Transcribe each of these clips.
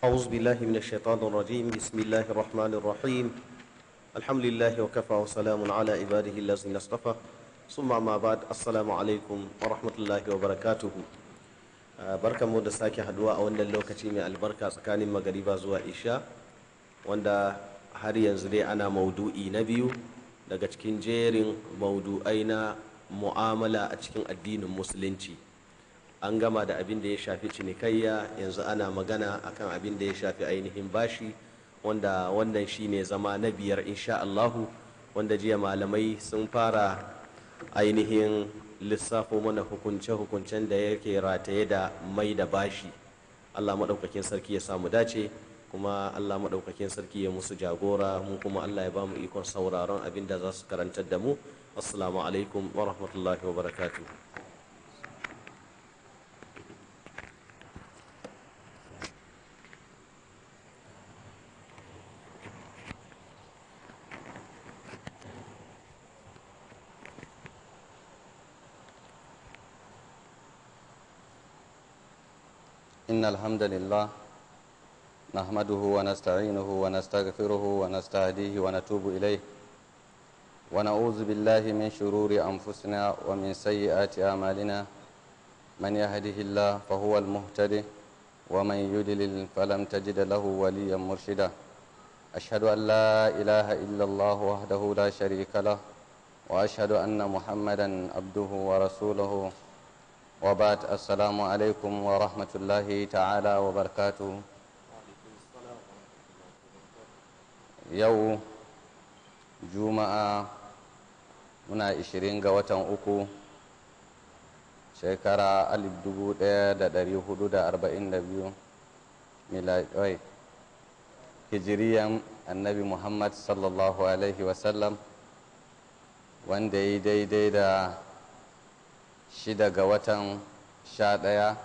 أعوذ بالله من الشيطان الرجيم بسم الله الرحمن الرحيم الحمد لله وكفى وسلام على عباده الذين اصطفى ثم ما بعد السلام عليكم ورحمة الله وبركاته barkanmu da sake haduwa a wannan lokaci mai albarka tsakanin magariba zuwa isha wanda har yanzu dai ana maudu'i na biyu daga cikin jerin maudu'ai na mu'amala a cikin addinin musulunci an gama da abin da ya shafi cinikayya yanzu ana magana akan abin da ya shafi ainihin bashi wanda wannan shine zama na biyar insha Allahu wanda jiya malamai sun fara ainihin lissafo mana hukunce-hukuncen da yake rataye da mai da bashi Allah maɗaukakin sarki ya samu dace kuma Allah maɗaukakin sarki ya musu jagora mu kuma Allah ya bamu ikon sauraron abin da za su karantar da mu assalamu wa rahmatullahi wa barakatuh إن الحمد لله نحمده ونستعينه ونستغفره ونستهديه ونتوب إليه ونعوذ بالله من شرور أنفسنا ومن سيئات أعمالنا من يهده الله فهو المهتدي ومن يدلل فلم تجد له وليا مرشدا أشهد أن لا إله إلا الله وحده لا شريك له وأشهد أن محمدا عبده ورسوله وبعد السلام عليكم ورحمة الله تعالى وبركاته يو جمعة muna 20 ga watan uku shekara 1442 hijiriyan annabi muhammad sallallahu alaihi wasallam wanda ya yi daidai da shida ga watan sha ɗaya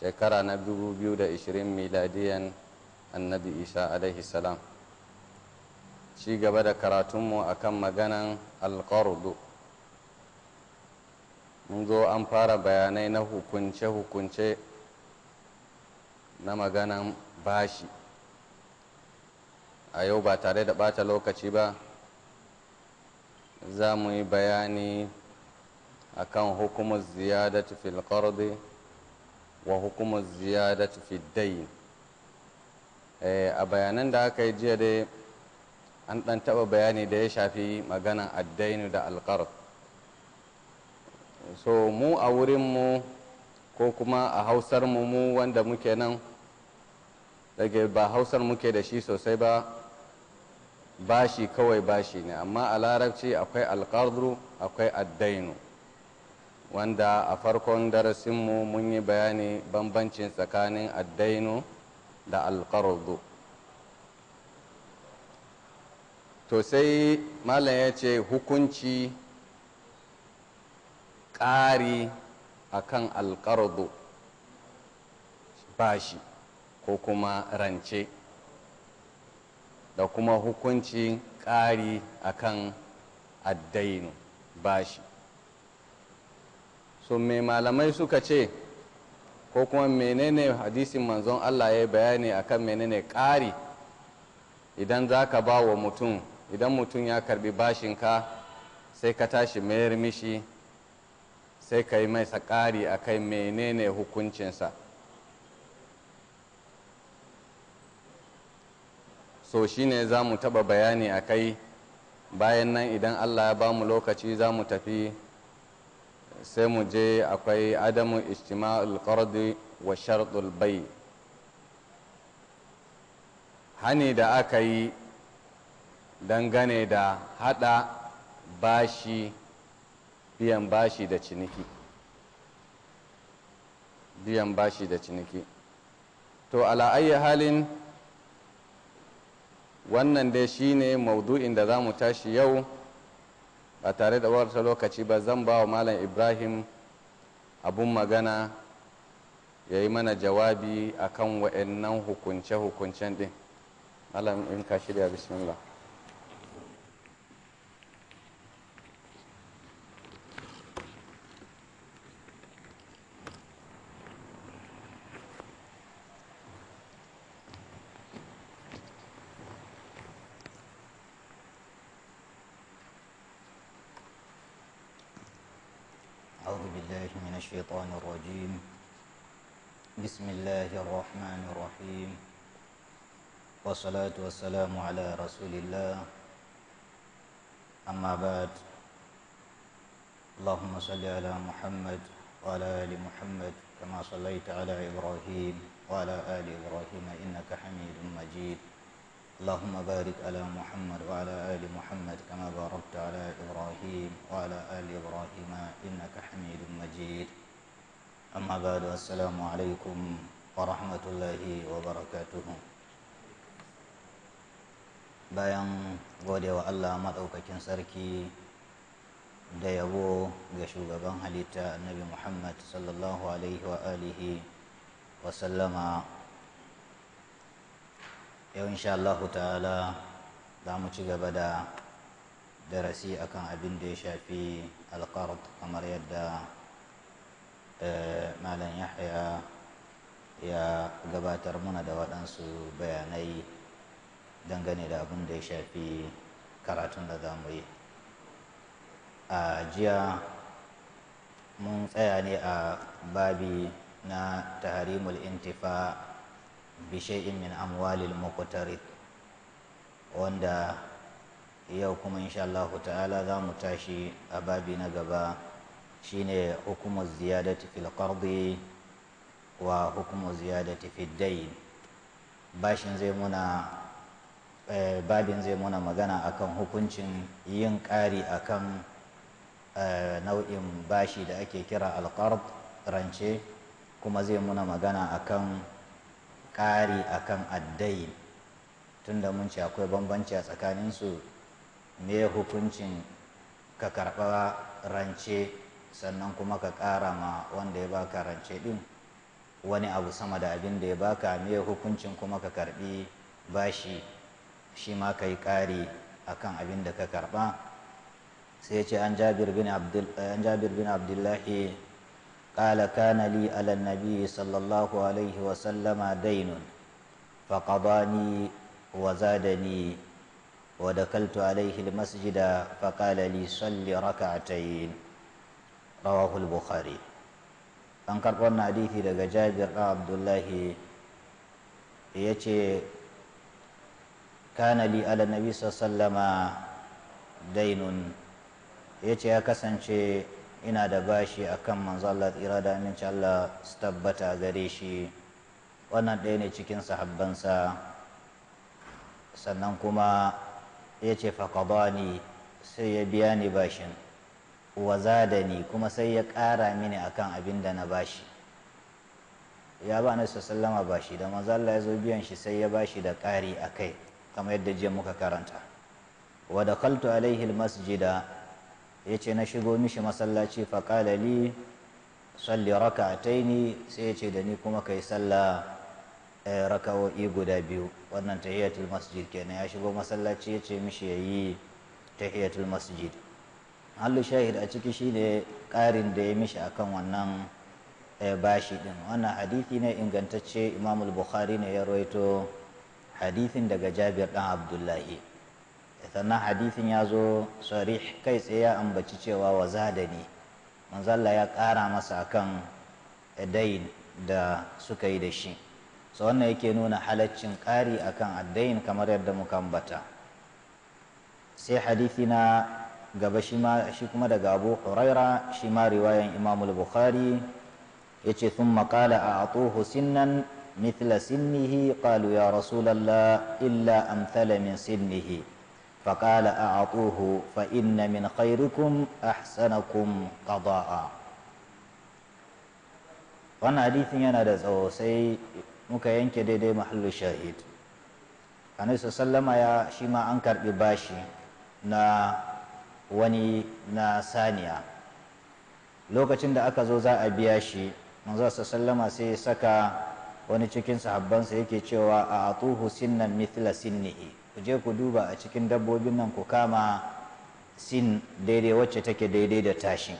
shekara na 2020 miladiyan annabi isa alaihi salam ci gaba da karatunmu a kan maganan alƙarudu mun zo an fara bayanai na hukunce-hukunce na maganan bashi a yau ba tare da bata lokaci ba za mu yi bayani akan hukumar ziyadati fil qardi wa hukumar ziyadati fil dayn eh, a bayanan da aka yi jiya dai an ɗan taɓa bayani da ya shafi maganan addainu da alqard so mu a wurin mu ko kuma a hausar mu mu wanda muke nan daga ba hausar muke da shi sosai ba bashi kawai bashi ne amma a larabci akwai alqardu akwai addainu wanda a farkon darasinmu mun yi bayani bambancin tsakanin addainu da alƙardu to sai malam ya ce hukunci ƙari a kan alƙardu bashi ko kuma rance da kuma hukunci ƙari a kan addainu bashi so me malamai suka ce ko kuma menene hadisin manzon allah ya bayani akan menene ƙari idan za ka ba wa mutum idan mutum ya karbi bashinka sai ka tashi mayar mishi sai ka yi mai sakari a kai menene hukuncinsa so shine za mu taɓa bayani a kai bayan nan idan allah ya ba mu lokaci za mu tafi sai mu je akwai adamu istima'ul qardi wa shartul bai hani da aka yi dangane da hada bashi biyan bashi da ciniki biyan bashi da ciniki to ala'ayya halin wannan dai shine maudu'in da za mu tashi yau ba tare da wata lokaci ba zan ba wa malam ibrahim abun magana ya yi mana jawabi akan wa'annan hukunce-hukuncen din malam in ka shirya bismillah بسم الله الرحمن الرحيم والصلاة والسلام على رسول الله أما بعد اللهم صل على محمد وعلى آل محمد كما صليت على إبراهيم وعلى آل إبراهيم إنك حميد مجيد اللهم بارك على محمد وعلى آل محمد كما باركت على إبراهيم وعلى آل إبراهيم إنك حميد مجيد أما بعد السلام عليكم ورحمة الله وبركاته bayan godewa Allah maɗaukakin sarki da yabo ga shugaban halitta annabi Muhammad sallallahu alaihi wa alihi wa sallama yau insha Allah ta'ala za mu ci gaba da darasi akan abin da ya shafi alƙard kamar yadda Eh, Malam Yahya ya gabatar muna da waɗansu bayanai dangane da abin da ya shafi karatun da za mu yi a jiya mun tsaya ne a babi na taharimul intifa in min amwalil muqtarid wanda yau kuma insha Allah ta'ala za mu tashi a babi na gaba shine hukumar ziyadati fil wa hukumar ziyadati fid dai bashin zai muna eh, babin zai muna magana akan hukuncin yin ƙari akan eh, nau'in bashi da ake kira alkard rance kuma zai muna magana akan ƙari akan addain tunda mun ce akwai bambanci a tsakaninsu me hukuncin ka karɓa rance sannan kuma ka ƙara ma wanda ya baka rance ɗin wani abu sama da abin da ya baka me hukuncin kuma ka karɓi bashi shi ma ka yi ƙari a kan abin da ka karɓa sai ce an jabir bin abdullahi ƙala kana li ala nabi sallallahu alaihi wasallama dainun faƙabani wa zadani ودخلت عليه المسجد فقال لي صل ركعتين rawahul bukhari an karɓi wannan hadithi daga jabir ɗan abdullahi ya ce kana ala nabi sallama dainun ya ce ya kasance ina da bashi akan manzo Allah tsira da aminci Allah su tabbata gare shi wannan ɗaya ne cikin sahabbansa sannan kuma ya ce faƙabani sai ya biya ni bashin Waza da ni kuma sai ya ƙara mini akan abin da na bashi ya ba na sallama bashi da manzo Allah ya zo biyan shi sai ya bashi da ƙari a kai kamar yadda jiya muka karanta wa kaltu alaihi almasjida yace na shigo mishi masallaci fa qala li salli raka'ataini sai yace da ni kuma kai sallah eh, raka'o'i guda biyu wannan tahiyatul masjid kenan ya shigo masallaci yace mishi yayi tahiyatul masjid hallu shahid a ciki shine ƙarin da ya mishi akan wannan eh, bashi din wannan hadithi ne ingantacce imamul bukhari ne ya rawaito hadithin daga jabir dan abdullahi sannan hadithin ya zo sarih kai tsaye ya ambaci cewa wa zadani manzalla ya ƙara masa akan eh, dain da suka yi da shi so wannan yake nuna halaccin ƙari akan addain kamar yadda muka ambata sai hadithi na gaba shi kuma daga abu huraira shi ma riwayan imamul bukhari ya ce sun makala a atuhu sinnan mithla sinnihi qalu ya rasulallah illa amthala min sinnihi فقال أعطوه فإن من خيركم أحسنكم قضاء wannan hadithin yana da tsawo sai muka yanke daidai mahallu shahid anisa sallama ya shi ma an karbi bashi na wani na saniya lokacin da aka zo za a biya shi manzo sallama sai ya saka wani cikin sahabbansa yake cewa a atuhu sinnan mithla sinnihi ku je ku duba a cikin dabbobin nan ku kama sin daidai wacce take daidai da tashi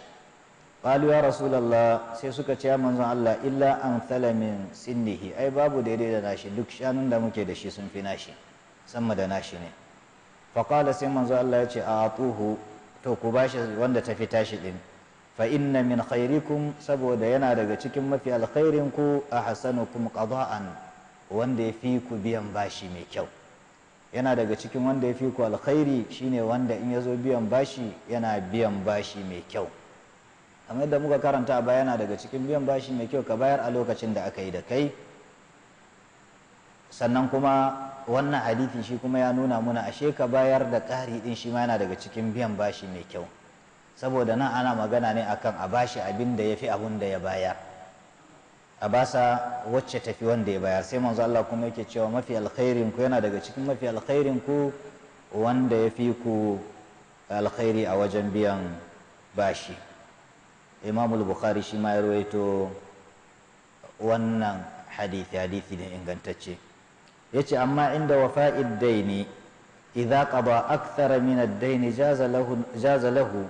qalu ya rasulullah sai suka ce manzon Allah illa an min sinnihi ai babu daidai da nashi duk shanun da muke da shi sun fi nashi sama da nashi ne faqala sai manzon Allah ya ce a atuhu to ku bashi wanda ta fi tashi din fa inna min khairikum saboda yana daga cikin mafi alkhairin ku a ahsanukum qada'an wanda ya fi ku biyan bashi mai kyau yana daga cikin wanda ya fi ku alkhairi shine wanda in ya zo biyan bashi yana biyan bashi mai kyau kamar yadda muka karanta ba yana daga cikin biyan bashi mai kyau ka bayar a lokacin da aka yi da kai sannan kuma wannan hadithi shi kuma ya nuna muna ashe ka bayar da ƙari ɗin shi ma yana daga cikin biyan bashi mai kyau saboda nan ana magana ne akan a bashi abin da ya fi abin da ya bayar a basa wacce tafi wanda ya bayar sai manzo Allah kuma yake cewa mafi alkhairin ku yana daga cikin mafi alkhairin ku wanda ya fi ku alkhairi a wajen biyan bashi imamul bukhari shi ma ya rawaito wannan hadithi hadithi ne ingantacce yace amma inda wafa'id daini idza qada akthara min ad-daini jaza lahu jaza lahu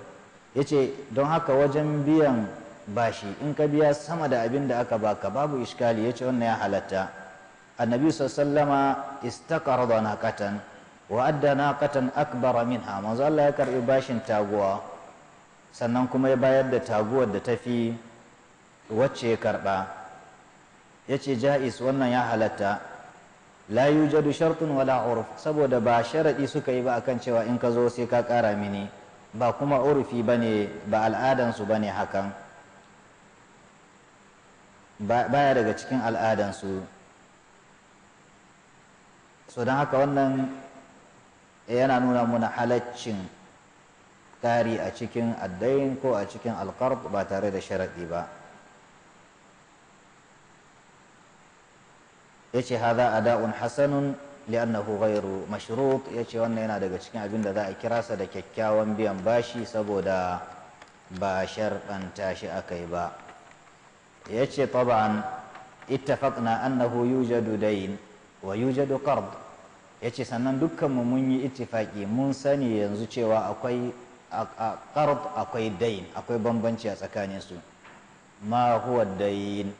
yace don haka wajen biyan bashi in ka biya sama da abin da aka baka babu iskali yace wannan ya halatta annabi sallama na naqatan wa adda naqatan akbara minha manzo Allah ya karbi bashin taguwa sannan kuma ya bayar da taguwar da tafi wacce ya karba yace ja'is wannan ya halatta la jadu shartun wala urf saboda ba sharaɗi suka yi ba akan cewa in ka zo sai ka kara mini ba kuma urfi bane ba al'adan su bane hakan baya daga cikin al'adansu su so don haka wannan eh, yana nuna muna halaccin kari a cikin addain ko a cikin alkarb ba tare da sharaɗi ba yace hadha ada'un hasanun li'annahu ghairu mashrut yace wannan yana daga cikin abin da za a kira sa da kyakkyawan biyan bashi saboda ba sharɗanta shi akai ba yace taban ittafaqna annahu yujadu dayn wa yujadu qard yace sannan dukkanmu mun yi ittifaki mun sani yanzu cewa akwai qard akwai dayn akwai bambanci a tsakanin su ma huwa dayn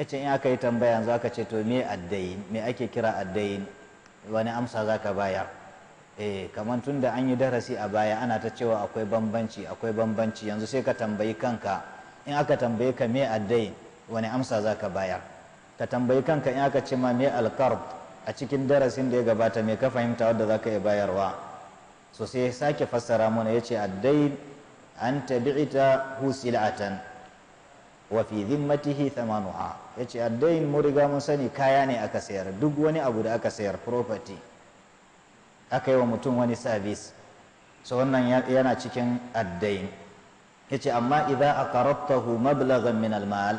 ya ce in aka yi tambaya yanzu aka ce to me addayin me ake kira addayin wani amsa za ka bayar eh kamar tun da an yi darasi a baya ana ta cewa akwai bambanci akwai bambanci yanzu sai ka tambayi kanka in aka tambaye ka me addayin wani amsa zaka ka bayar ka tambayi kanka in aka ce ma me alqard a cikin darasin da ya gabata me ka fahimta wadda zaka ka iya bayarwa so sai sake fassara mana yace ce addayin an tabi'ita hu sil'atan wa fi thamanuha ya ce addain mu riga mun sani kaya ne aka sayar duk wani abu da aka sayar property aka yi wa mutum wani service so wannan yana cikin addain ya ce amma idza aqarabtahu mablaghan min almal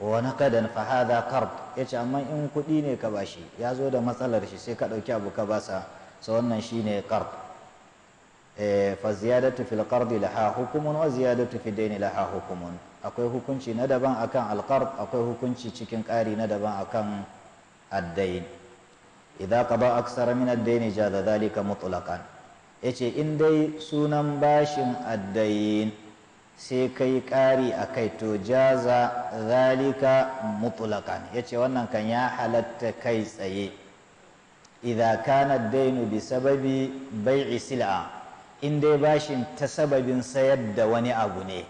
wa naqadan fa hadha qard ya ce amma in kuɗi ne ka bashi ya zo da matsalar shi sai ka ɗauki abu ka basa so wannan shine qard eh, fa ziyadatu fil qard laha hukumun wa ziyadatu fid dayn laha hukumun akwai hukunci na daban akan alqard akwai hukunci cikin ƙari na daban akan addain idan qada aksara min addain jaza zalika mutlaqan yace in dai sunan bashin addain sai kai ƙari a kai to jaza zalika mutlaqan yace wannan kan ya halatta kai tsaye idan kana dainu bi sababi bai'i sil'a in dai bashin ta sababin sayar da wani abu ne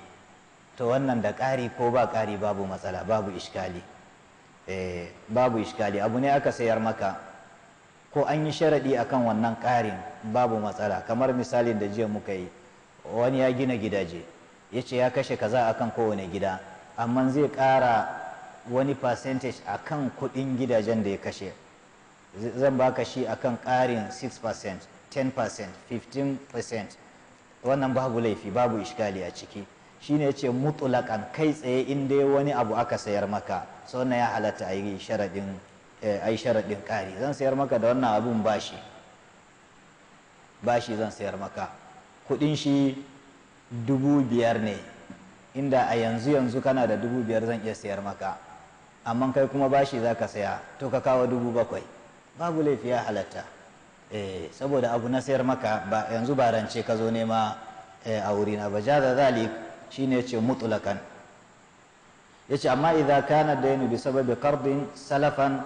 to wannan da ƙari ko ba ƙari babu matsala babu ishkali eh, babu ishkali abu ne aka sayar maka ko an yi sharaɗi akan wannan ƙarin babu matsala kamar misalin da jiya muka yi wani ya gina gidaje ya ce ya kashe kaza akan kowane gida amma zai ƙara wani percentage akan kuɗin gidajen da ya kashe zan baka shi akan ƙarin 6% 10% 15% wannan babu laifi babu ishkali a ciki shine yace mutlaqan kai tsaye in dai wani abu aka sayar maka so na ya halatta ayi sharadin eh, ai sharadin kari zan sayar maka da wannan abun bashi bashi zan sayar maka kudin shi dubu biyar ne inda a yanzu yanzu kana da dubu biyar zan iya sayar maka amma kai kuma bashi za ka saya to ka kawo dubu bakwai babu laifi ya halatta eh, saboda abu na sayar maka ba yanzu ba rance ka zo nema eh, a wuri na ba jada zalik shine yace mutlaqan yace amma idza kana daynu bi sababi qardin salafan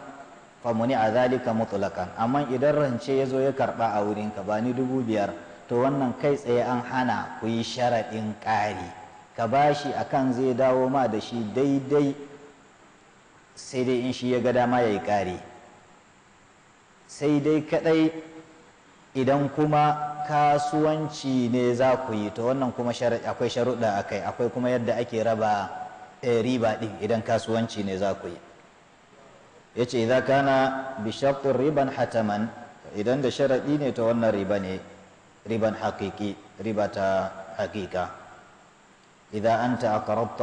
fa muni'a dhalika mutlaqan amma idan rance yazo ya karba a wurin ka ba ni dubu biyar to wannan kai tsaye an hana ku yi sharadin ƙari ka bashi akan zai dawo ma da shi daidai sai dai in shi ya ga dama yayi ƙari sai dai kaɗai idan kuma kasuwanci ne za ku yi to wannan kuma akwai sharuɗa a kai akwai kuma yadda ake raba eh, riba ɗin idan kasuwanci ne za ku yi ya ce idan kana bishakun riban hataman idan da sharaɗi ne to wannan riba ne riban haƙiƙi riba ta haƙiƙa idan an ta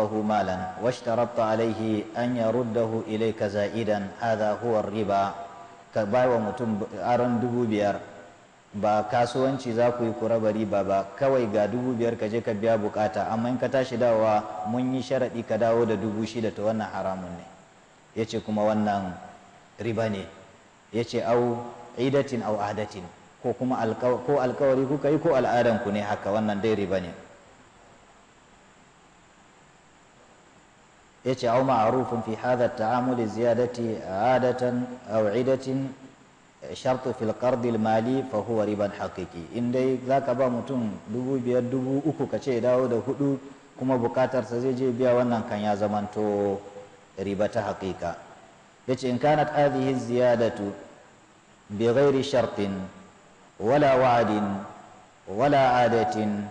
hu malan washtarabta alaihi an ilai ka za'idan a huwa riba ka bai mutum aron dubu biyar ba kasuwanci za ku yi kurabari ba ba kawai ga dubu biyar ka je ka biya bukata amma in ka tashi dawowa mun yi sharaɗi ka dawo da dubu shida ta wannan haramun ne ya ce kuma wannan riba ne ya ce au idatin au adatin ko kuma ko alkawari kuka yi ko al'adanku ne haka wannan dai riba ne ya ce au ma'arufin fi hadha ta'amuli ziyadati adatan au idatin shartu fil qardil mali fa huwa riban haqiqi in dai zaka ba mutum dubu biyar dubu uku ka ce dawo da hudu kuma bukatar sa zai je biya wannan kan ya zamanto riba ta haqiqa yace in kanat hadhihi ziyadatu bi ghairi shartin wala wa'din wala adatin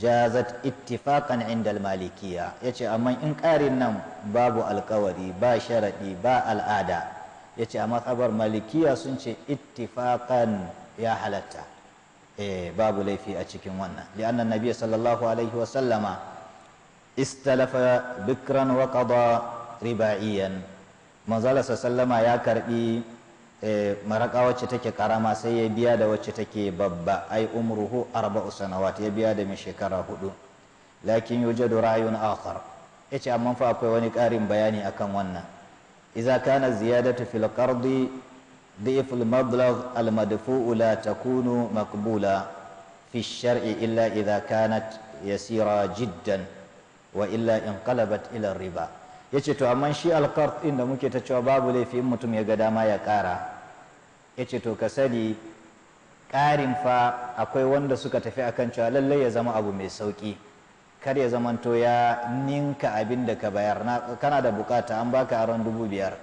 jazat ittifaqan inda al-malikiyya yace amma in karin nan babu alkawari ba sharadi ba al'ada ya ce a matsabar malikiya sun ce ittifakan ya halatta eh, babu laifi a cikin wannan li'anna nabiya sallallahu alaihi sallama. istalafa bikran wa qada riba'iyan manzala sallama ya karbi eh, maraka wacce take karama sai ya biya da wacce take babba ai umruhu arba'u sanawat ya biya da mai shekara hudu lakin yujadu ra'yun akhar yace amma fa akwai wani karin bayani akan wannan إذا كان الزيادة في القرض ضعف المبلغ المدفوع لا تكون مقبولة في الشرع إلا إذا كانت يسيرة جدا وإلا انقلبت إلى الربا yace to amma shi alqard din da muke ta cewa babu laifi in mutum ya ga dama ya ƙara yace to ka sani ƙarin fa akwai wanda suka tafi akan cewa lallai ya zama abu mai sauƙi kar ya zamanto ya ninka abin da ka bayar kana da bukata an baka aron dubu biyar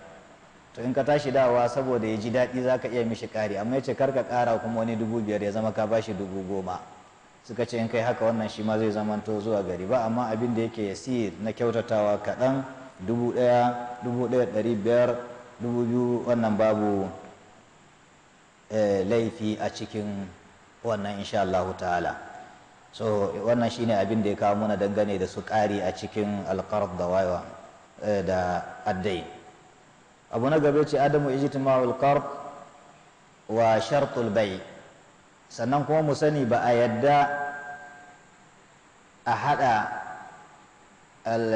to in ka tashi dawa saboda ya ji daɗi za ka iya mishi ƙari amma ya kar ka ƙara kuma wani dubu biyar ya zama ka bashi dubu goma suka ce in kai haka wannan shi ma zai zamanto zuwa gari ba amma abin da yake siye na kyautatawa kaɗan dubu ɗaya dubu ɗaya ɗari biyar dubu biyu wannan babu eh, laifi a cikin wannan insha Allah ta'ala so wannan shine abin da ya kawo muna dangane da su ƙari a cikin alƙar da wayewa eh, da addai abu na gaba ce adamu ijtima'ul qard wa shartul bai sannan kuma mu sani ba a yadda a haɗa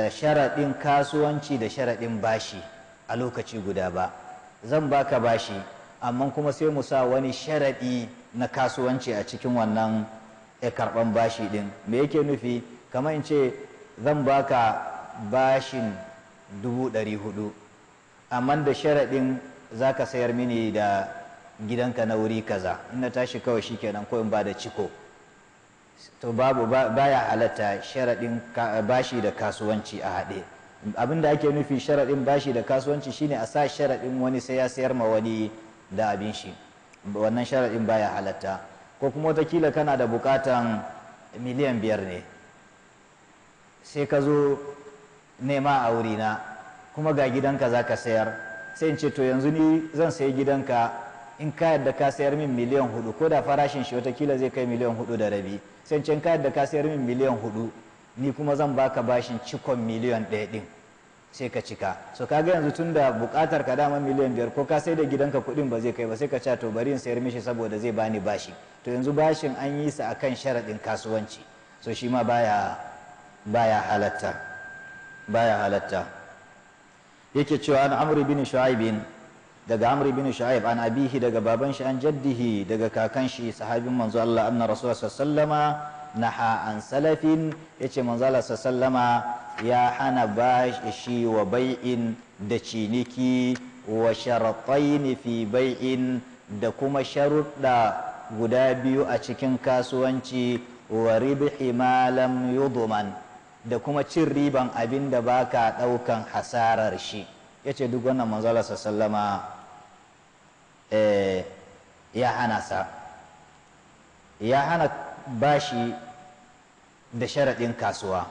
sharaɗin kasuwanci da sharaɗin bashi a lokaci guda ba zan baka bashi amma kuma sai mu sa wani sharaɗi na kasuwanci a cikin wannan ya karban bashi ɗin me yake nufi kamar in ce zan baka bashin dubu ɗari hudu amma da sharaɗin za ka sayar mini da gidanka na wuri kaza ina tashi kawai shi kenan ko in ba da ciko to babu baya halatta sharaɗin bashi da kasuwanci a haɗe abin da ake nufi sharaɗin bashi da kasuwanci shine a sa sharaɗin wani sai ya sayar ma wani da abin shi wannan sharaɗin baya halatta ko kuma watakila kana da bukatan miliyan biyar ne sai ka zo nema a wurina kuma ga gidanka za ka sayar sai in ce to yanzu ni zan sayi gidanka in ka yadda ka sayar min miliyan hudu ko da farashin shi watakila zai kai miliyan hudu da rabi sai in ce in ka yadda ka sayar min miliyan hudu ni kuma zan baka bashin cikon miliyan ɗaya ɗin sai ka cika so ga yanzu tun da bukatar ka dama miliyan biyar ko ka sai da gidanka kuɗin ba zai kai ba sai ka ce to bari in sayar mishi saboda zai bani bashi to yanzu bashin an yi sa akan sharaɗin kasuwanci so shi ma baya baya halatta baya halatta yake cewa an amri bin shu'aibin daga amri bin shu'aib an abihi daga baban shi an jaddihi daga kakan shi sahabin manzo Allah anna rasul sallama naha an salafin yace manzo Allah sallama ya hana bashi wa bai'in da ciniki wa sharatain fi bai'in da kuma sharuɗa guda biyu a cikin kasuwanci wa ribhi ma lam yudman da kuma cin riban abin da baka ɗaukan hasarar shi yace duk wannan manzala sallama eh, ya hana sa ya hana bashi da sharaɗin kasuwa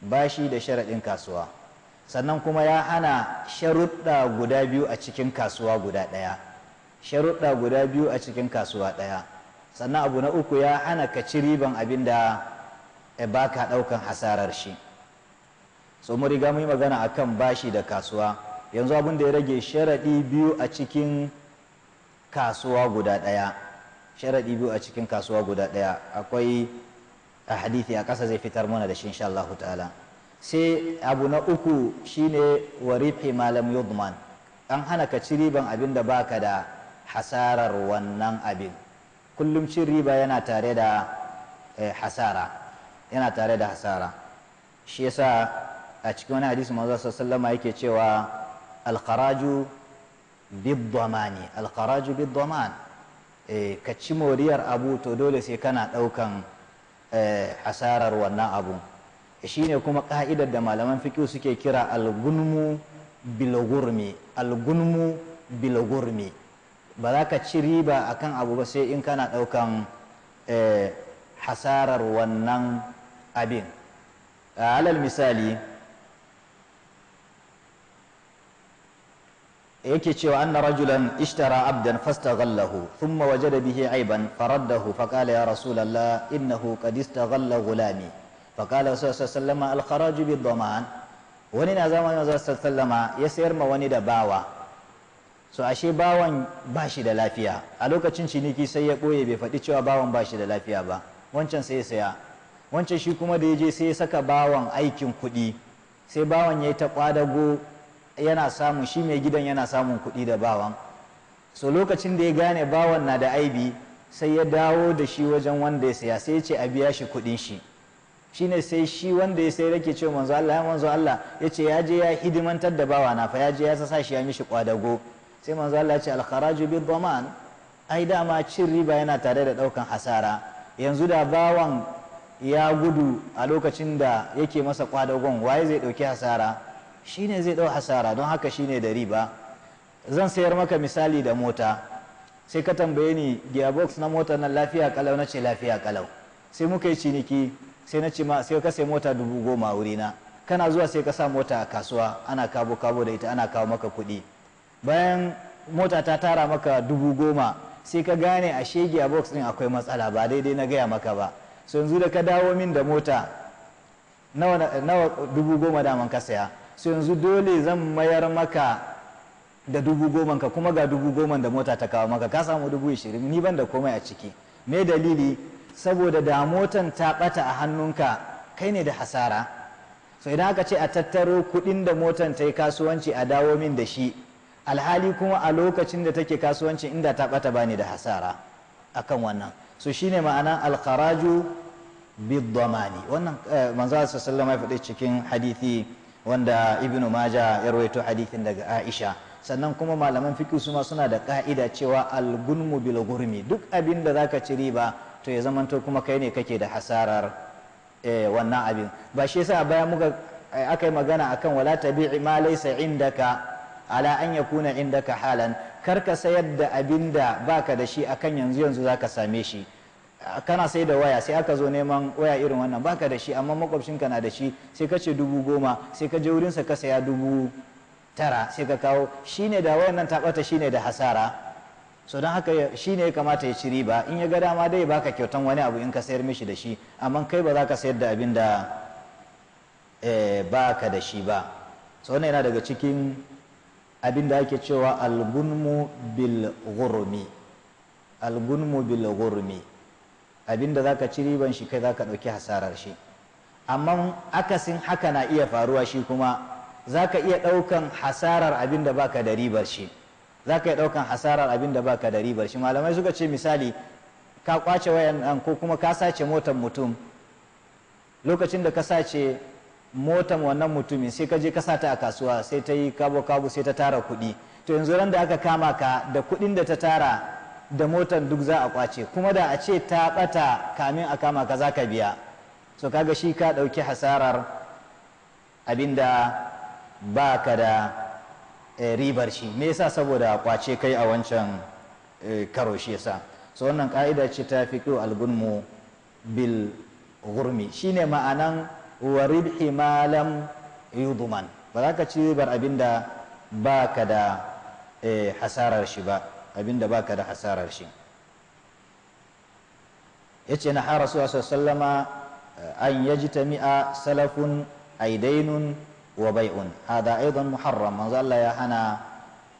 bashi da sharaɗin kasuwa sannan kuma ya hana sharuɗa guda biyu a cikin kasuwa guda ɗaya sharuɗa guda biyu a cikin kasuwa ɗaya sannan abu na uku ya hana ka ci riban abin da ba ka ɗaukan hasarar shi so mu riga mu yi magana akan bashi da kasuwa yanzu abin da ya rage sharaɗi biyu a cikin kasuwa guda ɗaya sharaɗi biyu a cikin kasuwa guda ɗaya akwai a hadithi a ƙasa zai fitar mana da shi insha ta'ala sai abu na uku shine wa rifi malam yudman an hana ka ci riban abin da baka da hasarar wannan abin kullum cin riba yana tare da eh, hasara yana tare da hasara shi yasa a cikin wani hadisi manzo sallama yake cewa alkharaju biddamani alkharaju biddaman eh, ka ci moriyar abu to dole sai kana daukan eh, hasarar wannan abu shine kuma ka'idar da malaman fiqh suke kira Algunmu bilogurmi Algunmu bilogurmi ba za ka ci riba kan abu ba sai in kana ɗaukan eh, hasarar wannan abin alal misali yake cewa anna rajulan ishtara abdan fastaghallahu thumma wajada bihi aiban faraddahu faqala ya rasulallah innahu qad istaghalla ghulami faqala sallallahu alaihi wasallam al kharaju bid daman wani na zama manzo sallallahu ya sayar ma wani da bawa so ashe bawan ba shi da lafiya a lokacin ciniki sai ya ɓoye bai faɗi cewa bawan ba shi da lafiya ba wancan sai ya saya wancan shi kuma da ya je sai ya saka bawan aikin kuɗi sai bawan ya yi ta ƙwadago yana samun shi mai gidan yana samun kuɗi da bawan so lokacin da ya gane bawan na da aibi sai ya dawo da shi wajen wanda ya saya sai ya ce a biya shi kuɗin shi shine sai shi wanda ya sai rake cewa manzo Allah ya manzo Allah ya ce ya je ya hidimantar da bawa na fa ya je ya sa shi ya mishi ƙwadago sai manzo Allah ce al-kharaju bi dhaman ai dama cin riba yana tare da daukan hasara yanzu da bawan ya gudu a lokacin da yake masa kwadagon waye zai dauki hasara shine zai dau hasara don haka shine da riba zan sayar maka misali da mota sai ka tambaye ni gearbox na mota na lafiya kalau na ce lafiya kalau sai muka yi ciniki sai na ce ma sai ka sai mota dubu goma wuri na kana zuwa sai ka sa mota a kasuwa ana kabo kabo da ita ana kawo maka kuɗi bayan mota ta tara maka dubu goma sai ka gane a shege a box din akwai matsala ba daidai na gaya maka ba so yanzu da ka dawo min da mota nawa, dubu goma daman ka saya so yanzu dole zan mayar maka da dubu goman ka kuma ga dubu goman da mota ta kawo maka ka samu dubu ishirin ni ban da komai a ciki me dalili saboda da motan ta bata a hannunka kai ne da hasara so idan aka ce a tattaro kudin da motan ta yi kasuwanci a dawo min da shi alhali kuma a lokacin da take kasuwanci inda ta bata bani da hasara akan wannan so shine ma'ana alkharaju bidamani wannan eh, manzo sallallahu alaihi faɗi cikin hadisi wanda ibnu maja ya rawaito hadithin daga aisha sannan kuma malaman fiqh su ma suna da ka'ida cewa al-gunmu bil gurmi duk abin da zaka ci riba to ya zamanto kuma kai ne kake da hasarar eh, wannan abin ba shi yasa baya muka eh, aka yi magana akan wala tabi'i ma laysa indaka ala an ya kuna inda ka halan kar ka sayar da abin da baka da shi akan yanzu yanzu za ka same shi kana sai da waya sai aka zo neman waya irin wannan baka da shi amma makwabcinka na da shi sai ka ce dubu goma sai ka je wurinsa ka saya dubu tara sai ka kawo shine da wayan nan ta bata shine da hasara so don haka shi ne ya kamata ya ci riba in ya ga dama dai baka kyautan wani abu in ka sayar mishi da shi amma kai ba za ka sayar da abin da eh, ba ka da shi ba so wannan yana daga cikin abinda ake cewa algunmu bil algunmu bil abinda zaka ci riban shi kai zaka ɗauki hasarar shi amma akasin haka na iya faruwa shi kuma zaka iya daukan hasarar abinda baka da ribar shi zaka iya ɗaukan hasarar abinda baka da ribar shi malamai suka ce misali ka kwace wayan ko kuma ka sace motar mutum lokacin da ka sace motan wannan mutumin sai ka je ka sata a kasuwa sai ta yi kabo kabo sai ta tara kuɗi to yanzu ran da aka kama ka da kuɗin da ta tara da motan duk za a kwace kuma da a ce ta ɓata kamin a kama ka za ka biya so kaga shi ka ɗauki hasarar abinda ba ka da eh, ribar shi me yasa saboda kwace kai a wancan eh, karo shi yasa so wannan ka'ida ce ta fi al-gunmu bil gurmi shine ma'anan wa ribhi ma lam yudman ba za ka ci bar abinda eh, da ba ka da hasarar shi ba abinda baka ba ka da hasarar shi yace ce na hara su sallama an yaji mi'a salafun aidainun wa bai'un hada aidan muharram manzo Allah ya hana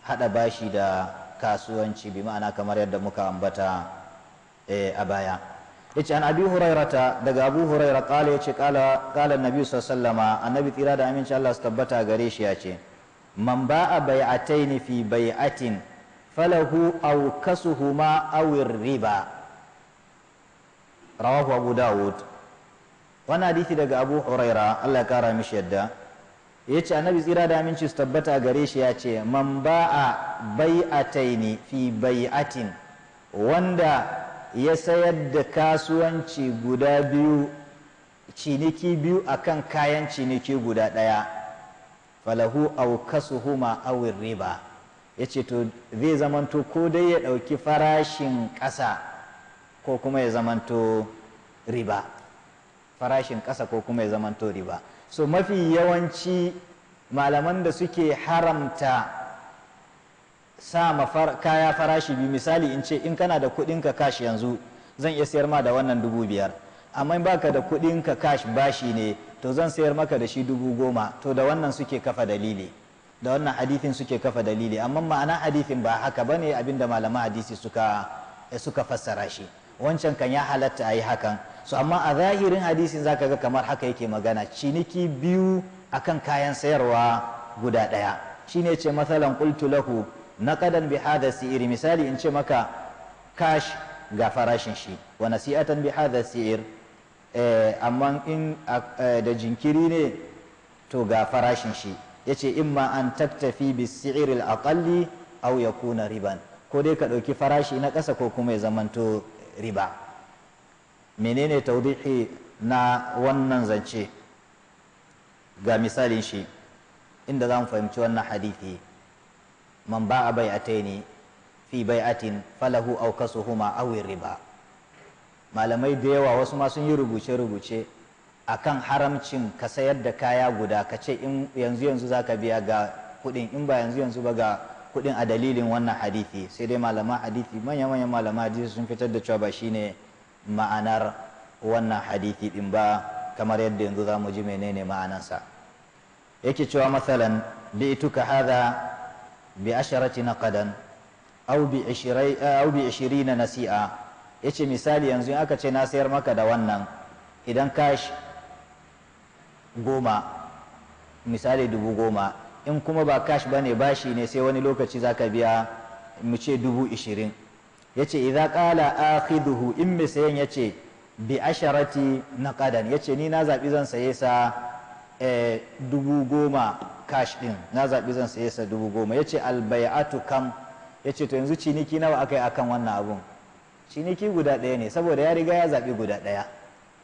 hada bashi da kasuwanci bi ma'ana kamar yadda muka ambata eh, a baya yace an abi hurairata daga abu huraira kala yace kala kala nabi wasallam annabi tsira da aminci Allah su tabbata gare shi yace man ba'a bai'ataini fi bai'atin falahu aw kasuhuma aw riba rawahu abu dawud wannan hadisi daga abu huraira Allah ya kara mishi yadda yace annabi tsira da aminci su tabbata gare shi yace man ba'a bai'ataini fi bai'atin wanda ya sayar da kasuwanci guda biyu ciniki biyu akan kayan ciniki guda ɗaya falahu aukasuhuma awin riba ya ce to zai zamanto ko dai ya ɗauki farashin ƙasa ko kuma ya zamanto riba farashin ƙasa ko kuma ya zamanto riba so mafi yawanci malaman da suke haramta sa ma kaya farashi biyu misali in ce in kana da kuɗin ka kashi yanzu zan iya sayar ma da wannan dubu biyar amma in baka da kuɗin ka kashi bashi ne to zan sayar maka da shi dubu goma to da wannan suke kafa dalili da wannan hadithin suke kafa dalili amma ma'ana hadithin ba haka bane abinda malaman hadisi suka eh, suka fassara shi wancan kan ya halatta a yi hakan so amma a zahirin hadisin zaka ga kamar haka yake magana ciniki biyu akan kayan sayarwa guda ɗaya shine ce masalan qultu lahu naqadan bi hadha si'ir misali in ce maka kash ga farashin shi wa nasi'atan bi hadha si'ir amma in da jinkiri ne to ga farashin shi yace imma an taktafi bi si'ir al-aqalli aw yakuna riban ko dai ka ɗauki farashi na ƙasa ko kuma ya zamanto riba menene taudihi na wannan zance ga misalin shi inda za mu fahimci wannan hadithi man ba ba'a bai'ataini fi bai'atin falahu ma kasuhuma aw riba malamai da yawa wasu ma sun yi rubuce rubuce a kan haramcin ka sayar da kaya guda ka ce in yanzu yanzu zaka biya ga kudin in ba yanzu yanzu ba ga kudin a dalilin wannan hadithi sai dai malaman hadithi manya manyan malaman hadithi sun fitar da cewa ba shine ma'anar wannan hadithi din ba kamar yadda yanzu za mu ji menene ma'anansa yake cewa masalan ituka hadha bi asharati naqadan aw bi 20 aw bi nasi'a yace misali yanzu in aka ce na sayar maka da wannan idan kash goma misali dubu goma in kuma ba kash bane bashi ne sai wani lokaci zaka biya mu ce dubu ishirin yace idza qala akhidhu in mai sayan yace bi asharati naqadan yace ni na zabi zan saye sa dubu goma cash din na zaɓi zan saye sa dubu goma ya ce albayatu kam ya ce to yanzu ciniki nawa aka yi akan wannan abun ciniki guda ɗaya ne saboda ya riga ya zaɓi guda ɗaya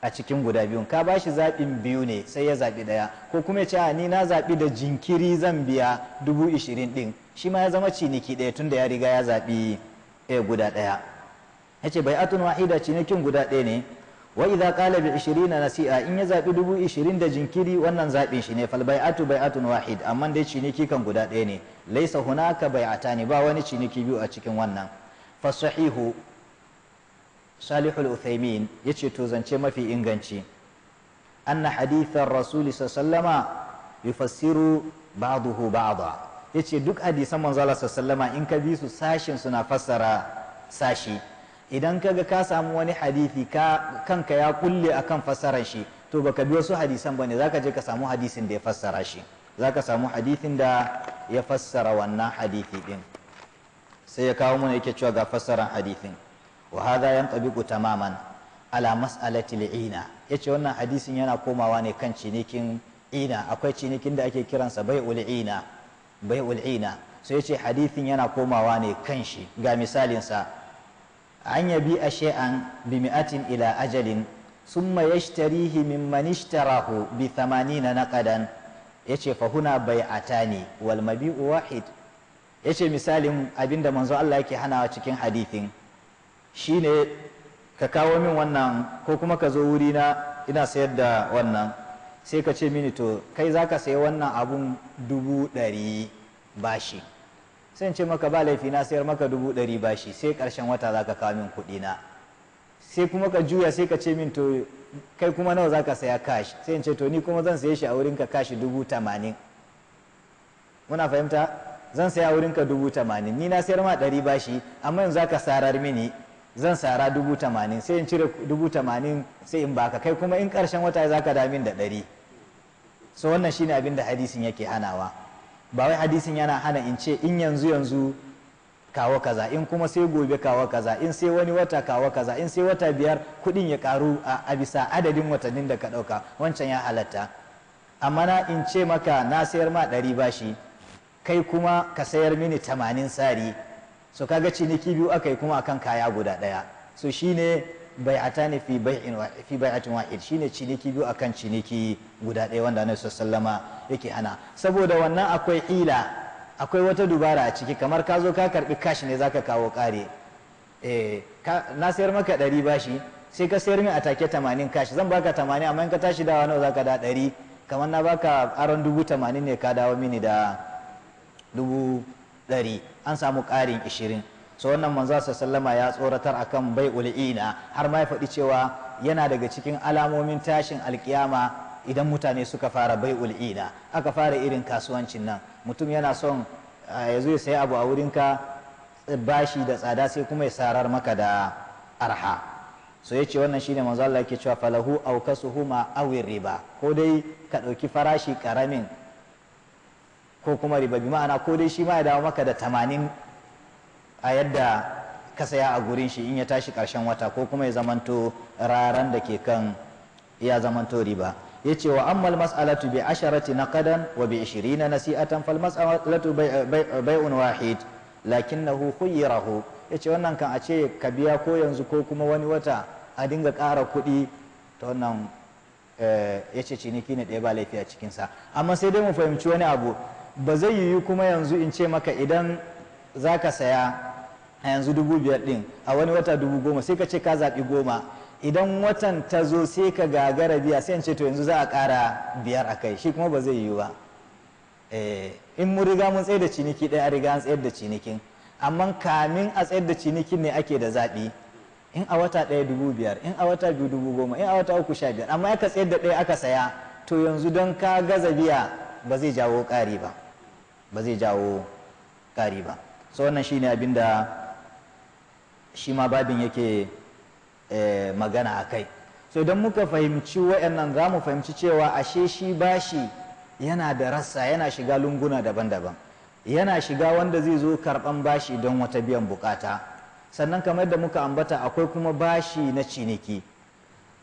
a cikin guda biyun ka ba shi zaɓin biyu ne sai ya zaɓi ɗaya ko kuma ya ce ni na zaɓi da jinkiri zan biya dubu ishirin ɗin shi ma ya zama ciniki ɗaya tunda ya riga ya zaɓi eh, guda ɗaya ya ce bai atun wahida cinikin guda ɗaya ne wa idza qala bi 20 nasi'a in ya zabi dubu 20 da jinkiri wannan zabin shi ne fal bai'atu bai'atun wahid amma dai ciniki kan guda ɗaya ne laysa hunaka bai'atani ba wani ciniki biyu a cikin wannan fa sahihu salihul uthaymin yace to zance mafi inganci anna hadithan rasul sallama yufassiru ba'dahu ba'da yace duk hadisan manzo sallama in ka bi su sashin suna fassara sashi idan ka ga ka samu wani hadisi ka kanka ya kulle akan fassarar shi to baka bi wasu hadisan bane zaka je ka samu hadisin da ya fassara shi zaka samu hadisin da ya fassara wannan hadisi din sai ya kawo mana yake cewa ga fassaran hadisin wa hadha yantabiqu tamaman ala mas'alati al-ina yace wannan hadisin yana komawa ne kan cinikin ina akwai cinikin da ake kiransa bai'ul ina bai'ul ina sai yace hadisin yana komawa ne kan shi ga misalin sa an yabi a shay'an bimi'atin ila ajalin sun maye yashtarihi min manishtarahu bi na bai ata yace fa huna bi uwa mabi'u wahid ce misalin abinda manzo Allah hana hanawa cikin hadithin ne ka kawo min wannan ko kuma ka zo wuri na ina sayar da wannan sai ka ce mini to kai za ka sayi wannan abun dubu ɗari bashi sai in ce maka ba laifi na sayar maka dubu ɗari bashi sai ƙarshen wata za ka kawo min kuɗi na sai kuma ka juya sai ka ce min to kai kuma nawa za ka saya kashi sai in ce to ni kuma zan saye shi a wurin ka kashi dubu tamanin muna fahimta zan saya a wurin ka dubu tamanin ni na sayar ma ɗari bashi amma yanzu za ka sarar mini zan sara dubu tamanin sai in cire dubu tamanin sai in baka kai kuma in ƙarshen wata za ka damin da ɗari so wannan shine abin da hadisin yake hanawa ba wai hadisin yana hana in ce in yanzu yanzu kawo kaza in kuma sai gobe kawo kaza in sai wani wata kawo kaza in sai wata biyar kudin ya karu a bisa adadin watannin da ka dauka wancan ya halatta amma na in ce maka na sayar ma ɗari bashi kai kuma ka sayar mini tamanin tsari so kaga ciniki biyu aka yi kuma akan kaya guda ɗaya so shine ne fi bai'in fi bai'atin wahid shine ciniki biyu akan ciniki guda ɗaya wanda Annabi sallama yake hana saboda wannan akwai ila akwai wata dubara a ciki kamar ka zo ka karbi cash ne zaka kawo eh, kare na sayar maka ɗari bashi sai ka sayar min a take 80 cash zan baka 80 amma in ka tashi dawa nawa zaka da ɗari kamar na baka aron dubu 80 ne ka dawo mini da dubu ɗari an samu ƙarin ishirin. so wannan manzo sallama ya tsoratar akan bai ul'ina har ma ya faɗi cewa yana daga cikin alamomin tashin alkiyama idan mutane suka fara bai ul'ina aka fara irin kasuwancin nan mutum yana son ya zo ya sayi abu a wurinka bashi da tsada sai kuma ya sarar maka da arha so ya ce wannan shine manzo Allah yake cewa falahu aw kasuhuma aw riba ko dai ka ɗauki farashi karamin ko kuma riba bi ma'ana ko dai shi ma ya dawo maka da tamanin a yadda ka saya a gurin shi in ya tashi karshen wata ko kuma ya zamanto raran da ke kan ya zamanto riba ya ce wa ammal mas'alatu bi asharati naqadan wa bi ishirina nasi'atan fal mas'alatu bai'un wahid lakinnahu khayyarahu ya ce wannan kan a ce ka biya ko yanzu ko kuma wani wata a dinga kara kuɗi ta wannan eh, ya ce ciniki ne ɗaya ba laifi a cikinsa amma sai dai mu fahimci wani abu ba zai yiwu kuma yanzu in ce maka idan za ka saya a yanzu dubu biyar din a wani wata dubu goma sai ka ce ka zaɓi goma idan watan ta zo sai ka gagara biya sai ce to yanzu za a ƙara biyar a kai shi kuma ba zai yiwu ba eh, in mun riga mun tsayar da ciniki ɗaya a riga an tsayar da cinikin amma kamin a tsayar da cinikin ne ake da zaɓi in a wata ɗaya dubu biyar in a wata biyu dubu goma in a wata uku sha biyar amma aka tsayar da ɗaya aka saya to yanzu don ka gaza biya ba zai jawo ƙari ba ba zai jawo ƙari ba so wannan shine abin da shi ma babin yake eh, magana a kai so don muka fahimci wa'annan za mu fahimci cewa ashe shi bashi yana da rassa yana shiga lunguna daban-daban yana shiga wanda zai zo karɓan bashi don wata biyan bukata sannan kamar da muka ambata akwai kuma bashi na ciniki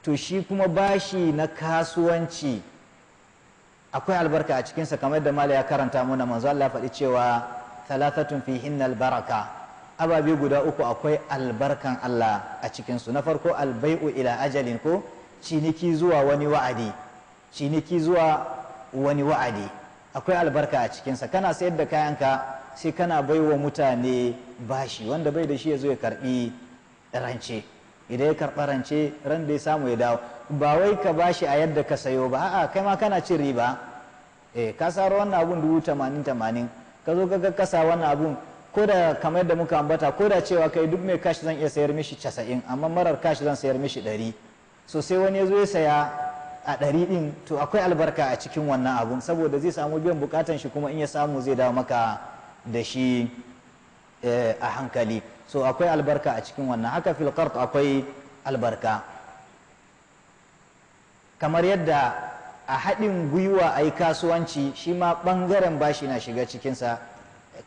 to shi kuma bashi na kasuwanci akwai albarka a cikinsa kamar da mala ya karanta mana manzo Allah faɗi cewa thalathatun fi hinnal baraka ababe guda uku akwai albarkan Allah a cikinsu na farko albai'u ila ajalin ko ciniki zuwa wani wa'adi ciniki zuwa wani wa'adi akwai albarka a cikinsa kana sayar da kayanka sai kana baiwa mutane bashi wanda bai da shi ya zo ya karbi rance idan ya karɓa rance ran da ya samu ya dawo ba wai ka bashi a yadda ka sayo ba a'a kai ma kana cin riba eh ka saro wannan abun dubu tamanin tamanin ka zo ka kasa wannan abun ko da kamar da muka ambata ko da cewa kai duk mai kashi zan iya sayar mishi casa'in amma marar kashi zan sayar mishi ɗari so sai wani ya zo ya saya a ɗari ɗin to akwai albarka a cikin wannan abun saboda zai samu biyan bukatan shi kuma in ya samu zai dawo maka da shi eh, a hankali so akwai albarka a cikin wannan haka fil akwai albarka kamar yadda a haɗin gwiwa a yi kasuwanci shi ma ɓangaren bashi na shiga cikinsa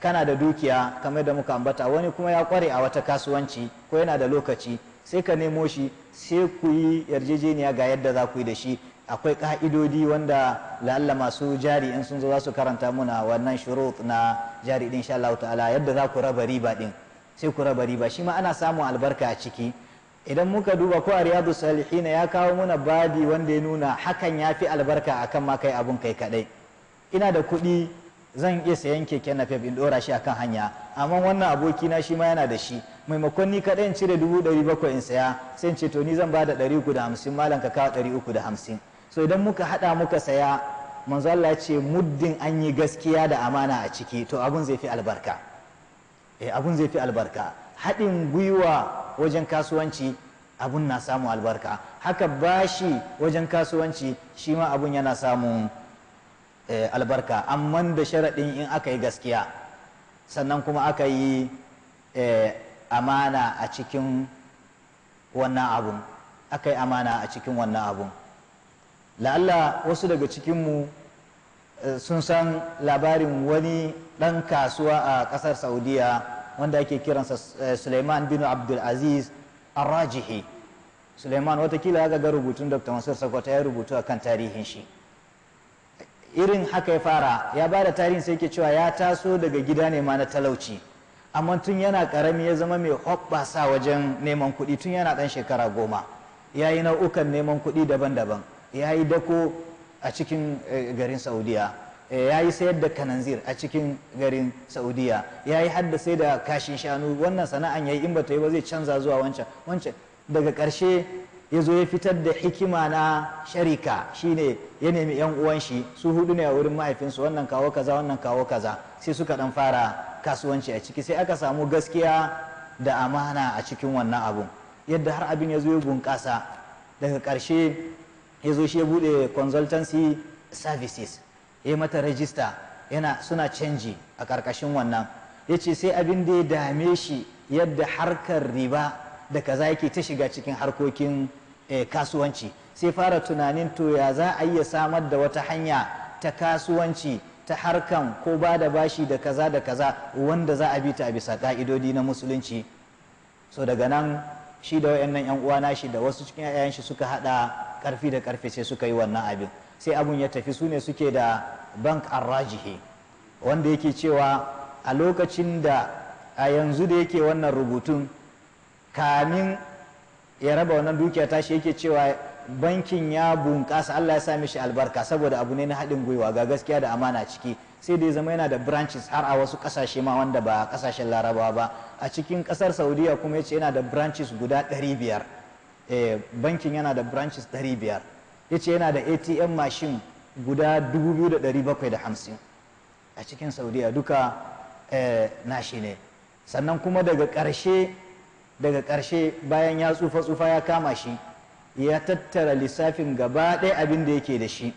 kana da dukiya kamar da muka ambata wani kuma ya kware a wata kasuwanci ko yana da lokaci sai ka nemo shi sai ku yi yarjejeniya ga yadda za ku yi da shi akwai ka'idodi wanda la'alla masu jari in sun zo za su karanta muna wannan shurut na jari din insha Allah ta'ala yadda za ku raba riba din sai ku raba riba shi ma ana samun albarka a ciki idan muka duba ko a salihina ya kawo muna badi wanda ya nuna hakan ya fi albarka akan ma kai abun kai kadai ina da kuɗi zan iya sayan keke na in dora shi akan hanya amma wannan aboki na shi ma yana da shi maimakon ni kaɗai in cire dubu ɗari bakwai in saya sai in ce to ni zan ba da ɗari uku da hamsin malam ka kawo ɗari uku da hamsin so idan muka haɗa muka saya manzo Allah ya ce muddin an yi gaskiya da amana a ciki to abun zai fi albarka eh abun zai fi albarka haɗin gwiwa wajen kasuwanci abun na samun albarka haka bashi wajen kasuwanci shi ma abun yana samu. Eh, albarka amma da sharaɗin in aka yi gaskiya sannan kuma aka yi eh, amana a cikin wannan abun aka yi amana a cikin wannan abun la'alla wasu daga cikinmu eh, sun san labarin wani ɗan kasuwa a ƙasar saudiya wanda ake kiransa suleiman bin abdulaziz arrajihi suleiman watakila ya ga rubutun dr mansur sakwata ya rubutu a kan tarihin shi irin haka ya fara ya ba da tarihin sai ke cewa ya taso daga gida ne ma na talauci amma tun yana karami ya zama mai hoɓɓasa wajen neman kuɗi tun yana ɗan shekara goma ya yi nau'ukan neman kuɗi daban-daban ya yi dako a cikin eh, garin saudiya eh, ya yi sayar da kananzir a cikin garin saudiya ya yi haddasa da kashin shanu wannan sana'an ya yi in bata yi ba zai canza zuwa wancan wancan daga ƙarshe ya zo ya fitar da hikima na sharika shine ya nemi yan uwan shi su hudu ne a wurin mahaifinsu wannan kawo kaza wannan kawo kaza sai suka dan fara kasuwanci a ciki sai aka samu gaskiya da amana a cikin wannan abun yadda har abin ya zo ya bunƙasa daga karshe ya zo shi ya bude consultancy services ya mata rajista yana suna canji a ƙarƙashin wannan ya ce sai abin da ya dame shi yadda harkar riba da kaza yake ta shiga cikin harkokin Eh, kasuwanci sai fara tunanin to ya za a iya samar da wata hanya ta kasuwanci ta harkan ko ba da bashi da kaza da kaza wanda za a bi ta a bisa ka'idodi na musulunci so daga nan shi da wayannan yan uwa shi da wasu cikin yayan shi suka hada karfi da karfe sai suka yi wannan abin sai abun ya tafi su ne suke da bank arrajihi wanda yake cewa a lokacin da a yanzu da yake wannan rubutun kamin ya raba wannan dukiya tashi yake cewa bankin ya bunƙasa Allah ya sa mishi albarka saboda abu ne na haɗin gwiwa ga gaskiya da amana ciki sai dai zama yana da branches har a wasu ƙasashe ma wanda ba ƙasashen larabawa ba a cikin ƙasar saudiya kuma ya ce yana da branches guda 500 eh, bankin yana da branches 500 ya ce yana da atm machine guda 2750 a cikin saudiya duka eh, nashi ne sannan kuma daga ƙarshe daga ƙarshe bayan ya tsufa tsufa ya kama shi ya tattara lissafin gaba ɗaya abin da yake da shi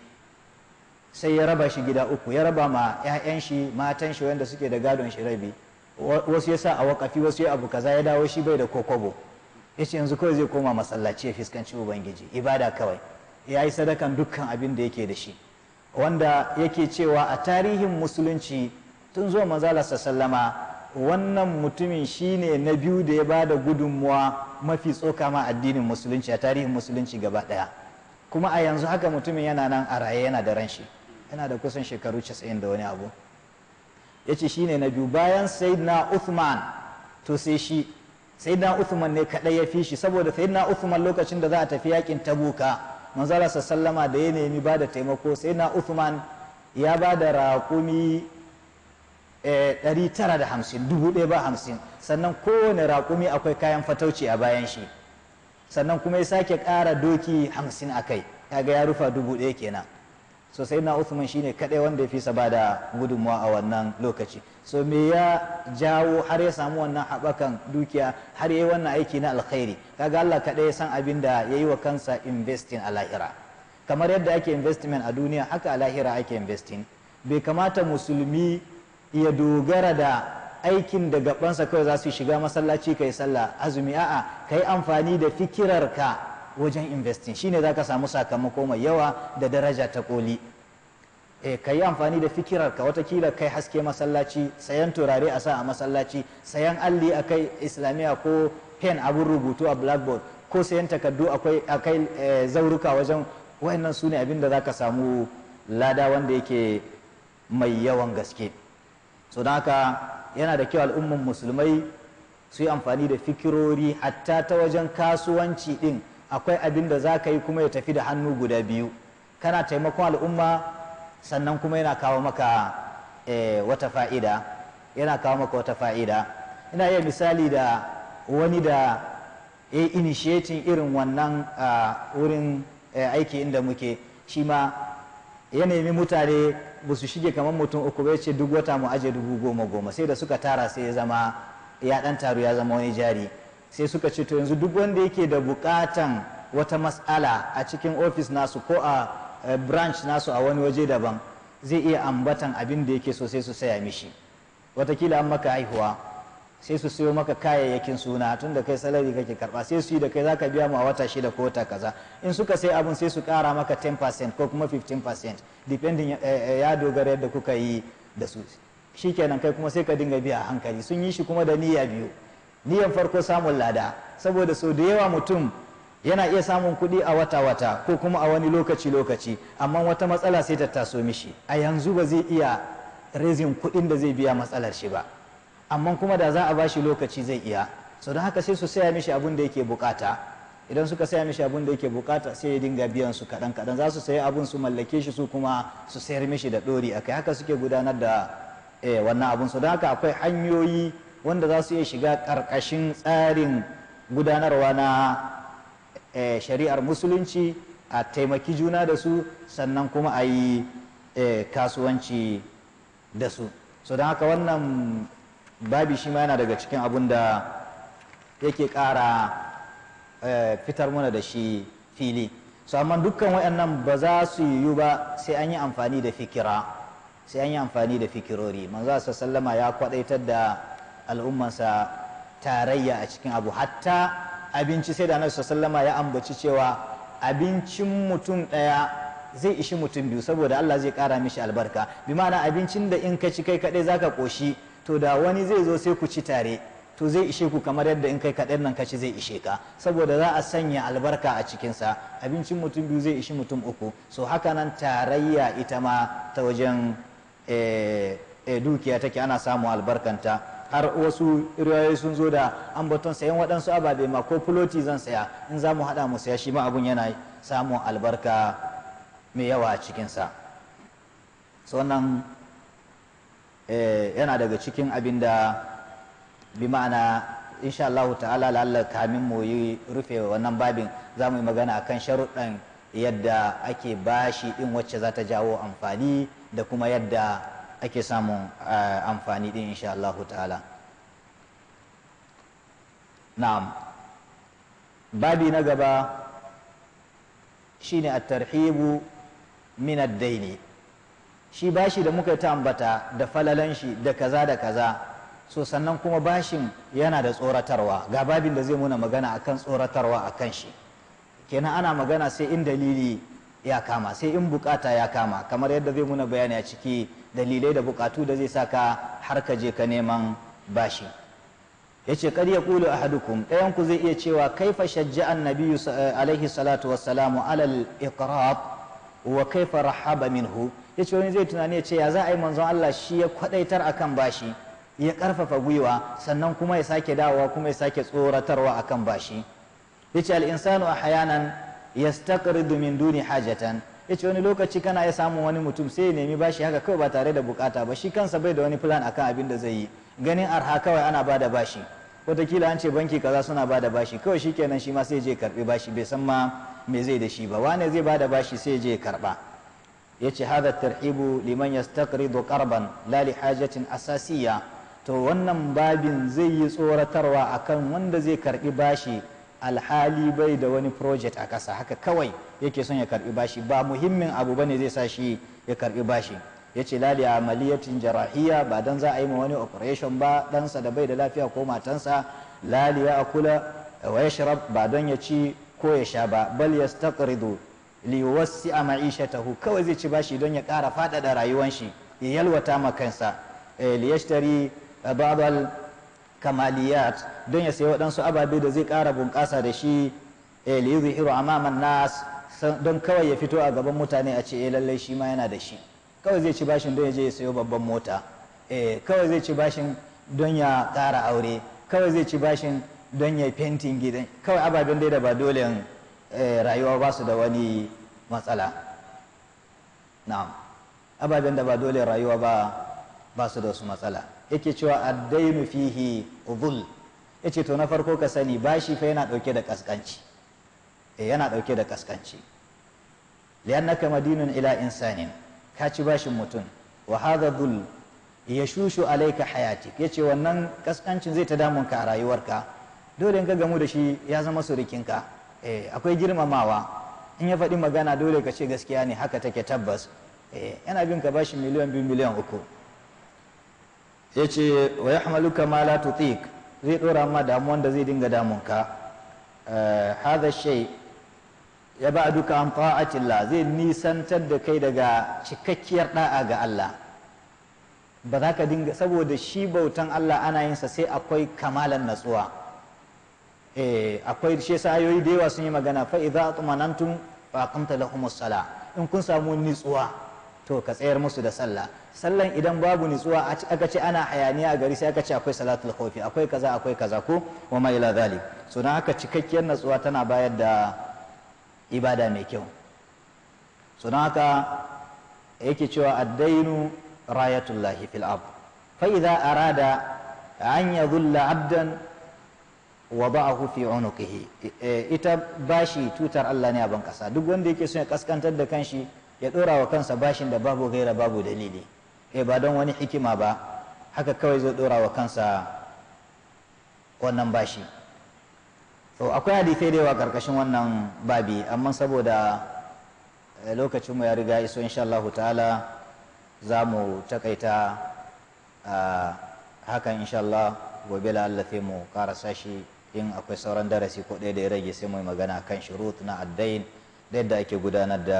sai ya raba shi gida uku ya raba ma 'ya'yan shi matan shi wanda suke da gadon shi rabi wasu ya sa a wakafi wasu ya abu kaza ya dawo shi bai da kokobo ya yanzu kawai zai koma masallaci ya fuskanci ubangiji ibada kawai ya yi sadakan dukkan abin da yake da shi wanda yake cewa a tarihin musulunci tun zuwa manzala sallama wannan mutumin shine na biyu da ya ba da gudunmuwa mafi tsoka ma addinin musulunci a tarihin musulunci gaba ɗaya kuma a yanzu haka mutumin yana nan a raye yana da ran shi yana da kusan shekaru 90 da wani abu ya ce shi ne na biyu bayan sayyidina uthman to sai shi sayyidina uthman ne kaɗai ya fi shi saboda sayyidina uthman lokacin da za a tafi yakin tabuka manzala sallama da ya nemi ba da taimako sayyidina uthman ya ba da raƙumi hamsin dubu ɗaya ba hamsin sannan kowane raƙumi akwai kayan fatauci a bayan shi sannan kuma ya sake ƙara doki hamsin a kai kaga ya rufa dubu ɗaya kenan so sai na usman shine kadai wanda ya fisa ba da gudunmawa a wannan lokaci so me ya jawo har ya samu wannan haɓakan dukiya har ya yi wannan aiki na alkhairi kaga Allah kaɗai ya san abin da ya yi wa kansa investing a lahira kamar yadda ake investment a duniya haka a lahira ake investing bai kamata musulmi ya dogara da aikin da gabansa kawai za su shiga masallaci kai sallah azumi a'a kai amfani da fikirarka wajen investing shine zaka samu sakamako mai yawa da daraja ta koli e eh, kai amfani da fikirarka kila kai haske masallaci sayan turare a sa a masallaci sayan alli a kai islamiyya ko pen abin rubutu a blackboard ko sayan takardu akwai akai eh, zauruka wajen wayannan su ne abin da zaka samu lada wanda yake mai yawan gaske so don haka yana da kyau al'umman musulmai su yi amfani da fikirori hatta ta wajen kasuwanci din akwai abin da za ka yi kuma ya tafi da hannu guda biyu kana taimakon al'umma sannan kuma yana kawo maka eh, wata fa'ida yana kawo maka wata fa'ida ina iya misali da wani da ya yi initiating irin wannan ah, wurin eh, aiki inda muke shi ma ya nemi mutane ba su shige kamar mutum uku bai ce duk wata mu aje dubu goma goma sai da suka tara sai ya zama ya dan taru ya zama wani jari sai suka ce to yanzu duk wanda yake da bukatan wata matsala a cikin ofis nasu ko a eh, branch nasu a wani waje daban zai iya ambatan abin da yake so sai su saya mishi watakila an maka haihuwa sai su siyo maka kayayyakin suna tun da kai salari kake karba sai su yi da kai za ka biya mu a wata shida ko wata kaza in suka sai abun sai su kara maka 10% ko kuma 15% depending eh, eh, ya dogara yadda kuka yi da su shi kenan kai kuma sai ka dinga biya hankali sun yi shi kuma da niyya biyu niyyar farko samun lada saboda sau da yawa mutum yana iya samun kuɗi a wata-wata ko kuma a wani lokaci-lokaci amma wata matsala sai ta taso mishi a yanzu ba zai iya rezin kuɗin da zai biya matsalar shi ba amma kuma da za a bashi lokaci zai iya so don haka sai su saya mishi abun da yake bukata idan suka saya mishi abun da yake bukata sai ya dinga biyan su kadan kadan za su sayi abun su mallake shi su kuma su sayar mishi da dori akai haka suke gudanar da eh, wannan abun so don haka akwai hanyoyi wanda za su iya shiga karkashin tsarin gudanarwa na eh, shari'ar musulunci a taimaki juna da su sannan kuma a yi eh, kasuwanci da su so don haka wannan babi shi ma yana daga cikin abun da yake ƙara eh, fitar mana da shi fili so amma dukkan waɗannan ba za su yiwu ba sai an yi amfani da fikira sai an yi amfani da fikirori manzo sallama ya kwadaitar da al'ummansa tarayya a cikin abu hatta abinci sai da annabi sallama ya ambaci cewa abincin mutum ɗaya zai ishi mutum biyu saboda Allah zai kara mishi albarka bi ma'ana abincin da in ka ci kai kaɗai zaka koshi. to da wani zai zo sai ku ci tare to zai ishe ku kamar yadda in kai kaɗan nan ka ci zai ishe ka saboda za a sanya albarka a cikinsa abincin mutum biyu zai ishi mutum uku so haka nan tarayya ita ma ta wajen eh, eh, dukiya take ana samun albarkanta har wasu riwayoyi sun zo da an baton sayan waɗansu ababe ma ko fuloti zan saya in za mu haɗa mu saya shi ma abun yana samun albarka mai yawa a cikinsa so nan Eh, yana daga cikin abin da bi ma'ana insha ta'ala lalla kamin mu yi rufe wannan babin za mu yi magana a kan sharuɗan yadda ake bashi ɗin wacce za ta jawo amfani da kuma yadda ake samun eh, amfani ɗin insha ta'ala na'am babi na gaba shine a tarhibu min daini shi bashi da muka ta ambata da falalan shi da kaza da kaza so sannan kuma bashin yana da tsoratarwa ga babin da zai muna magana akan tsoratarwa akan shi kenan ana magana sai in dalili ya kama sai in bukata ya kama kamar yadda zai muna bayani a ciki dalilai da bukatu da zai saka har ka je ka neman bashi yace kar ya kulu ahadukum ɗayan ku zai iya cewa kaifa shajja annabi alaihi salatu wassalamu alal iqrab wa kaifa rahaba minhu ya ce wani zai tunani ya ce ya za a yi manzon Allah shi ya kwadaitar akan bashi ya karfafa gwiwa sannan kuma ya sake dawowa kuma ya sake tsoratarwa akan bashi ya ce al'insanu a hayanan ya stakaridu min duni hajatan ya ce wani lokaci kana ya samun wani mutum sai ya nemi bashi haka kawai ba tare da bukata ba shi kansa bai da wani plan akan abin da zai yi ganin arha kawai ana ba da bashi watakila an ce banki kaza suna ba da bashi kawai shi kenan shi ma sai je karɓi bashi bai san ma me zai da shi ba wane zai ba da bashi sai je karɓa ya ce hadha tarhibu liman yastaqridu qarban la li hajatin asasiyya to wannan babin zai yi tsoratarwa akan wanda zai karbi bashi alhali bai da wani project a ƙasa haka kawai yake son ya karbi bashi ba muhimmin abu ne zai sa shi ya karbi bashi yace la li amaliyatin jarahiyya ba dan za a yi ma wani operation ba ɗansa da bai da lafiya ko matansa la li ya akula wa yashrab ba dan ya ci ko ya sha ba bal yastaqridu liwassi a ma'ishatahu kawai zai ci bashi don ya ƙara faɗaɗa rayuwan shi ya yalwata ma kansa eh, liyashtari babal kamaliyat don ya sayi waɗansu ababe da zai ƙara bunƙasa da shi eh, liyuzhiru amaman nas don kawai ya fito a gaban mutane a ce eh lallai shi ma yana da shi kawai zai ci bashin don ya je ya sayo babban mota eh, kawai zai ci bashin don ya ƙara aure kawai zai ci bashin don ya fentin gidan kawai ababen dai da ba dole Eh, rayuwa ba su da wani matsala na'am ababen da ba dole rayuwa ba ba su da wasu matsala yake cewa addainu fihi ya yace to na farko ka sani bashi fa yana dauke da kaskanci eh yana dauke da kaskanci li'annaka madinun ila insanin ka ci bashin mutum wa hadha dhul yashushu alayka ya yace wannan kaskancin zai ta damun a rayuwarka dole in ka gamu da shi ya zama surikinka Eh, akwai girmamawa in ya faɗi magana dole ka ce gaskiya ne haka take tabbas eh, yana bin ka bashi miliyan biyu miliyan uku ya ce wa ya hamaluka ma zai ɗora ma damuwan da zai dinga damunka eh, haza shai ya ba duka an Atilla zai nisantar da kai daga cikakkiyar ɗa'a ga Allah ba za ka dinga saboda shi bautan Allah ana yin sa sai akwai kamalan natsuwa Eh, akwai shi ayoyi da yawa sun yi magana fa idza tumanantum fa aqimta lahumus sala in kun samu nitsuwa to ka tsayar musu da sallah sallan idan babu nitsuwa aka ce ana hayaniya a gari sai aka ce akwai salatul khawfi akwai kaza akwai kaza ko wa ma ila dhalik so dan haka cikakkiyar natsuwa tana bayar da ibada mai kyau so dan haka yake cewa addainu rayatullahi fil ard fa idza arada an yadhulla abdan wa ba'ahu fi e, ita bashi tutar Allah ne a ban kasa duk wanda yake son ya kaskantar da kanshi ya dora wa kansa bashin da babu gaira babu dalili eh ba don wani hikima ba haka kawai zai dora wa kansa wannan bashi to akwai hadisai da yawa karkashin wannan babi amma saboda eh, lokacinmu ya riga iso insha Allah ta'ala za mu takaita ah, hakan insha Allah gobe la mu karasa shi in akwai sauran darasi ko ɗaya da ya rage sai mu magana kan shurut na addain da yadda ake gudanar da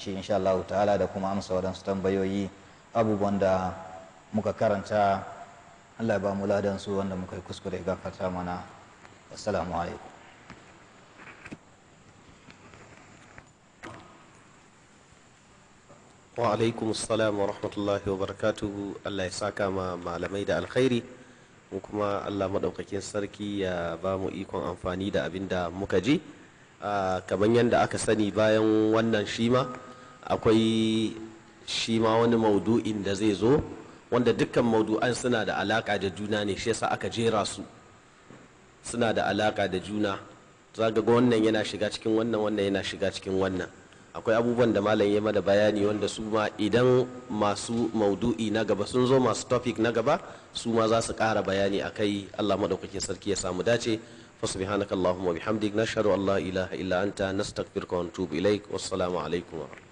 shi insha Allah ta'ala da kuma amsa waɗansu tambayoyi abubuwan da muka karanta Allah ba mu ladan su wanda muka yi kuskure gafarta mana assalamu alaikum wa alaikum assalam wa rahmatullahi wa barakatuhu Allah ya saka ma malamai da alkhairi mu kuma allah maɗaukakin sarki ya ba mu ikon amfani da abin da muka ji kamar yadda aka sani bayan wannan shima akwai shima wani maudu'in da zai zo wanda dukkan maudu'an suna da alaƙa da juna ne shi yasa aka jera su suna da alaƙa da juna za ga wannan yana shiga cikin wannan wannan yana shiga cikin wannan akwai abubuwan da malam ya mana bayani wanda su ma idan masu maudu'i na gaba sun zo masu topic na gaba su ma za su ƙara bayani a kai allah maɗaukakin sarki ya samu dace فسبحانك na وبحمدك allah ان لا an ta انت نستغفرك ونتوب اليك والسلام alaikum wa